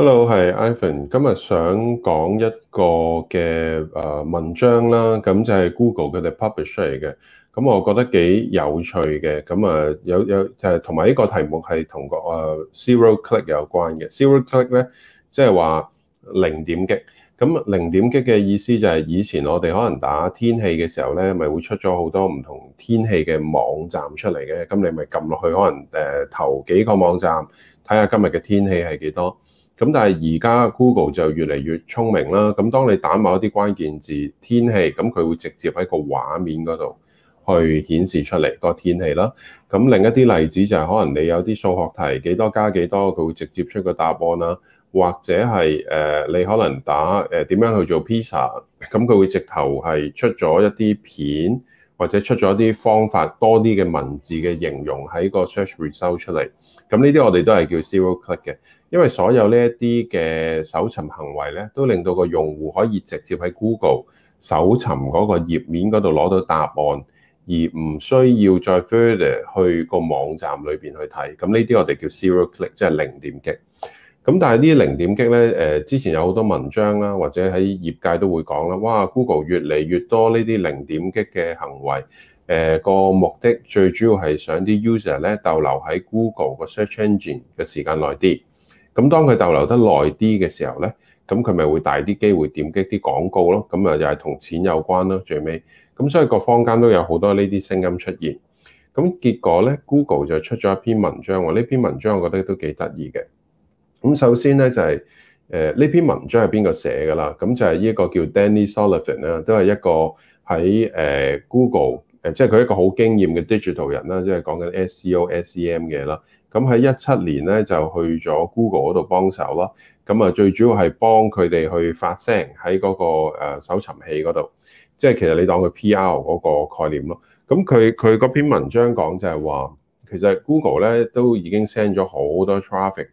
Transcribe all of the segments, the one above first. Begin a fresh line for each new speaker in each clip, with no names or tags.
Hello，係 Ivan，今日想講一個嘅誒文章啦，咁就係 Google 佢哋 publish 出嚟嘅，咁我覺得幾有趣嘅，咁啊有有誒同埋呢個題目係同個誒 zero click 有關嘅 zero click 咧，即係話零點擊，咁零點擊嘅意思就係以前我哋可能打天氣嘅時候咧，咪會出咗好多唔同天氣嘅網站出嚟嘅，咁你咪撳落去，可能誒頭幾個網站睇下今日嘅天氣係幾多。咁但係而家 Google 就越嚟越聰明啦。咁當你打某一啲關鍵字，天氣，咁佢會直接喺個畫面嗰度去顯示出嚟個天氣啦。咁另一啲例子就係、是、可能你有啲數學題，幾多加幾多，佢會直接出個答案啦。或者係誒、呃，你可能打誒點、呃、樣去做披薩，咁佢會直頭係出咗一啲片。或者出咗啲方法多啲嘅文字嘅形容喺個 search result 出嚟，咁呢啲我哋都係叫 zero click 嘅，因為所有呢一啲嘅搜尋行為咧，都令到個用戶可以直接喺 Google 搜尋嗰個頁面嗰度攞到答案，而唔需要再 further 去個網站裏邊去睇，咁呢啲我哋叫 zero click，即係零點擊。咁但係呢啲零點擊呢，誒之前有好多文章啦，或者喺業界都會講啦。哇，Google 越嚟越多呢啲零點擊嘅行為，誒、呃、個目的最主要係想啲 user 咧逗留喺 Google 個 search engine 嘅時間耐啲。咁當佢逗留得耐啲嘅時候呢，咁佢咪會大啲機會點擊啲廣告咯。咁啊，又係同錢有關啦。最尾咁，所以個坊間都有好多呢啲聲音出現。咁結果呢 g o o g l e 就出咗一篇文章，話呢篇文章我覺得都幾得意嘅。咁首先咧就係誒呢篇文章係邊個寫㗎啦？咁就係、是、呢個叫 Danny Sullivan 啦，都係一個喺誒 Google 誒，即係佢一個好經驗嘅 digital 人啦，即、就、係、是、講緊 S C O S C M 嘅啦。咁喺一七年咧就去咗 Google 嗰度幫手咯。咁啊，最主要係幫佢哋去發聲喺嗰個搜尋器嗰度，即、就、係、是、其實你當佢 P R 嗰個概念咯。咁佢佢嗰篇文章講就係話，其實 Google 咧都已經 send 咗好多 traffic，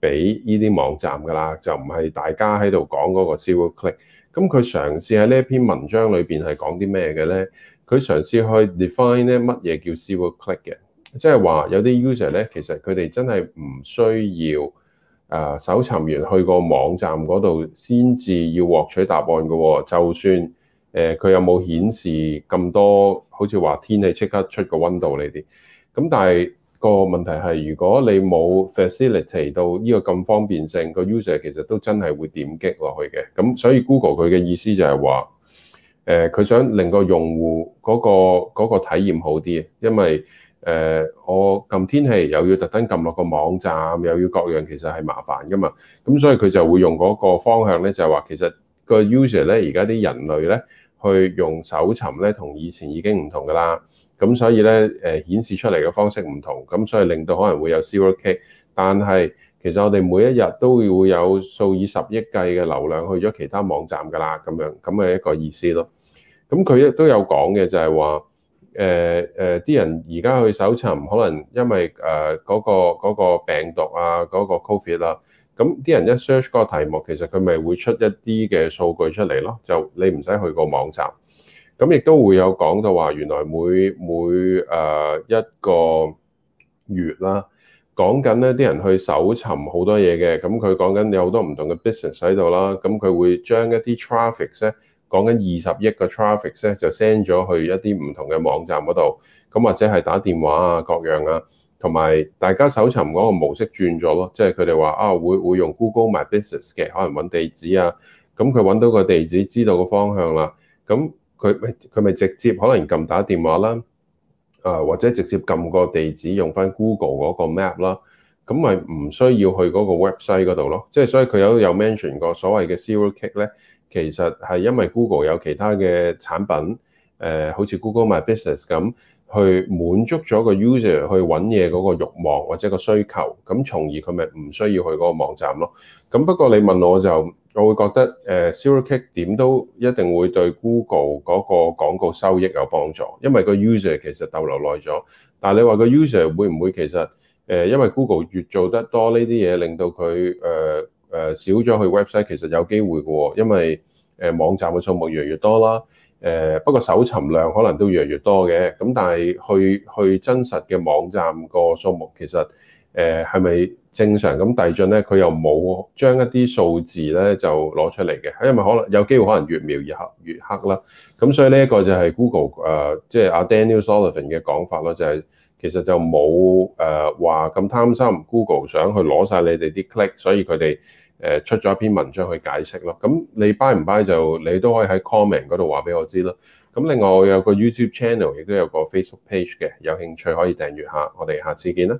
俾呢啲網站㗎啦，就唔係大家喺度講嗰個 zero click。咁佢嘗試喺呢一篇文章裏邊係講啲咩嘅咧？佢嘗試去 define 咧乜嘢叫 zero click 嘅，即係話有啲 user 咧，其實佢哋真係唔需要誒搜尋完去個網站嗰度先至要獲取答案嘅喎。就算誒佢有冇顯示咁多，好似話天氣即刻出個温度呢啲，咁但係。個問題係，如果你冇 facilitate 到呢個咁方便性，個 user 其實都真係會點擊落去嘅。咁所以 Google 佢嘅意思就係話，誒、呃、佢想令個用戶嗰、嗰個嗰、嗰個體驗好啲，因為誒、呃、我撳天氣又要特登撳落個網站，又要各樣，其實係麻煩噶嘛。咁所以佢就會用嗰個方向咧，就係話其實個 user 咧，而家啲人類咧。去用搜尋咧，同以前已經唔同噶啦，咁所以咧誒、呃、顯示出嚟嘅方式唔同，咁所以令到可能會有 server kick，但係其實我哋每一日都會有數以十億計嘅流量去咗其他網站噶啦，咁樣咁係一個意思咯。咁佢都有講嘅就係話誒誒，啲人而家去搜尋，可能因為誒嗰、呃那個那個病毒啊，嗰、那個 covid 啦、啊。咁啲人一 search 嗰個題目，其實佢咪會出一啲嘅數據出嚟咯，就你唔使去個網站。咁亦都會有講到話，原來每每誒一個月啦，講緊呢啲人去搜尋好多嘢嘅。咁佢講緊你好多唔同嘅 business 喺度啦。咁佢會將一啲 traffic 咧，講緊二十億個 traffic 咧，就 send 咗去一啲唔同嘅網站嗰度。咁或者係打電話啊，各樣啊。同埋大家搜尋嗰個模式轉咗咯，即係佢哋話啊，會會用 Google My Business 嘅，可能揾地址啊，咁佢揾到個地址，知道個方向啦，咁佢咪佢咪直接可能撳打電話啦，啊或者直接撳個地址用翻 Google 嗰個 Map 啦，咁咪唔需要去嗰個 website 嗰度咯，即係所以佢有有 mention 過所謂嘅 zero click 咧，其實係因為 Google 有其他嘅產品，誒、呃、好似 Google My Business 咁。去滿足咗個 user 去揾嘢嗰個慾望或者個需求，咁從而佢咪唔需要去嗰個網站咯。咁不過你問我就，我會覺得誒 s i r i k e 點都一定會對 Google 嗰個廣告收益有幫助，因為個 user 其實逗留耐咗。但係你話個 user 會唔會其實誒因為 Google 越做得多呢啲嘢，令到佢誒誒少咗去 website，其實有機會嘅喎，因為誒網站嘅數目越嚟越多啦。誒不過搜尋量可能都越嚟越多嘅，咁但係去去真實嘅網站個數目其實誒係咪正常？咁遞進咧，佢又冇將一啲數字咧就攞出嚟嘅，因為可能有機會可能越描越黑越黑啦？咁所以呢一個就係 Google 誒，即係阿 Daniel Sullivan 嘅講法咯，就係其實就冇誒話咁貪心，Google 想去攞晒你哋啲 click，所以佢哋。誒出咗一篇文章去解釋咯，咁你 buy 唔 buy 就你都可以喺 comment 嗰度話俾我知啦。咁另外我有個 YouTube channel，亦都有個 Facebook page 嘅，有興趣可以訂閱下。我哋下次見啦。